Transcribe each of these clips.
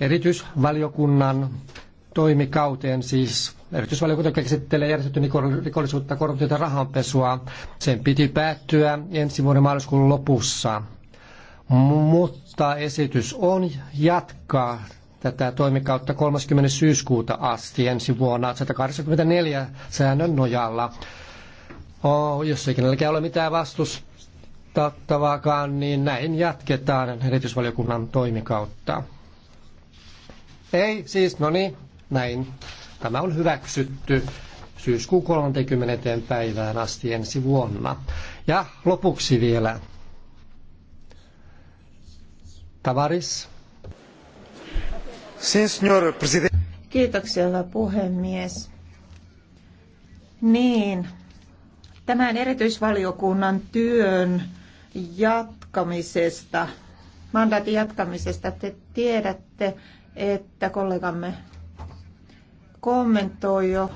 erityisvaliokunnan toimikauteen siis. Erityisvaliokunta käsittelee järjestetty rikollisuutta, korruptiota ja rahanpesua. Sen piti päättyä ensi vuoden maaliskuun lopussa. Mutta esitys on jatkaa tätä toimikautta 30. syyskuuta asti ensi vuonna 184 säännön nojalla. Oh, jos ei kenelläkään ole mitään vastustattavaakaan, niin näin jatketaan erityisvaliokunnan toimikautta. Ei, siis no niin, näin. Tämä on hyväksytty syyskuun 30. päivään asti ensi vuonna. Ja lopuksi vielä Tavaris. Kiitoksia, puhemies. Niin, tämän erityisvaliokunnan työn jatkamisesta, mandaatin jatkamisesta te tiedätte, että kollegamme kommentoi jo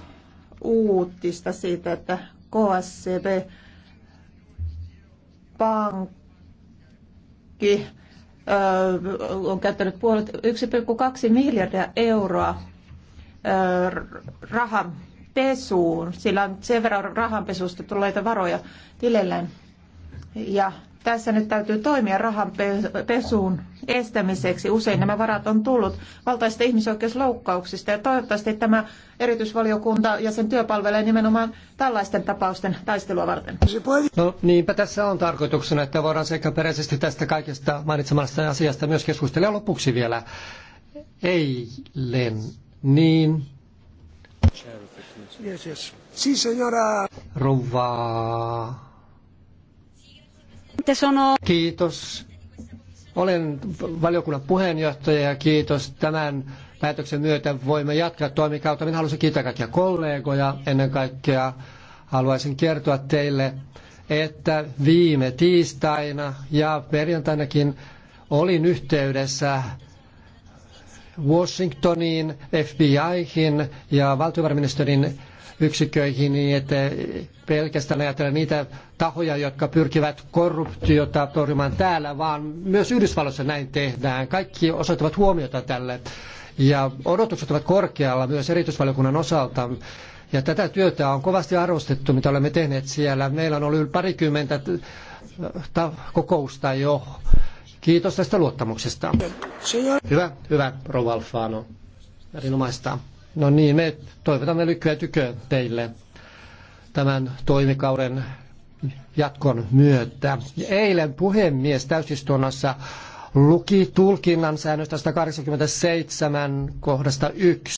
uutista siitä, että KSCB pankki on käyttänyt puolet 1,2 miljardia euroa rahan pesuun. Sillä on sen verran rahanpesusta tulleita varoja tilelleen. Ja tässä nyt täytyy toimia pesuun estämiseksi. Usein nämä varat on tullut valtaista ihmisoikeusloukkauksista ja toivottavasti tämä erityisvaliokunta ja sen työ palvelee nimenomaan tällaisten tapausten taistelua varten. No niinpä tässä on tarkoituksena, että voidaan seikkaperäisesti tästä kaikesta mainitsemasta asiasta myös keskustella lopuksi vielä. Eilen niin. Yes, yes. Si, Rouva Kiitos. Olen valiokunnan puheenjohtaja ja kiitos tämän päätöksen myötä voimme jatkaa toimikautta. Minä haluaisin kiittää kaikkia kollegoja. Ennen kaikkea haluaisin kertoa teille, että viime tiistaina ja perjantainakin olin yhteydessä Washingtoniin, FBIhin ja valtiovarainministerin yksiköihin, niin että pelkästään ajatella niitä tahoja, jotka pyrkivät korruptiota torjumaan täällä, vaan myös Yhdysvalloissa näin tehdään. Kaikki osoittavat huomiota tälle. Ja odotukset ovat korkealla myös erityisvaliokunnan osalta. Ja tätä työtä on kovasti arvostettu, mitä olemme tehneet siellä. Meillä on ollut parikymmentä äh, kokousta jo Kiitos tästä luottamuksesta. Hyvä, hyvä, Rova Alfano. Erinomaista. No niin, me toivotamme lykkyä tykö teille tämän toimikauden jatkon myötä. Eilen puhemies täysistunnossa luki tulkinnan säännöstä 187 kohdasta 1.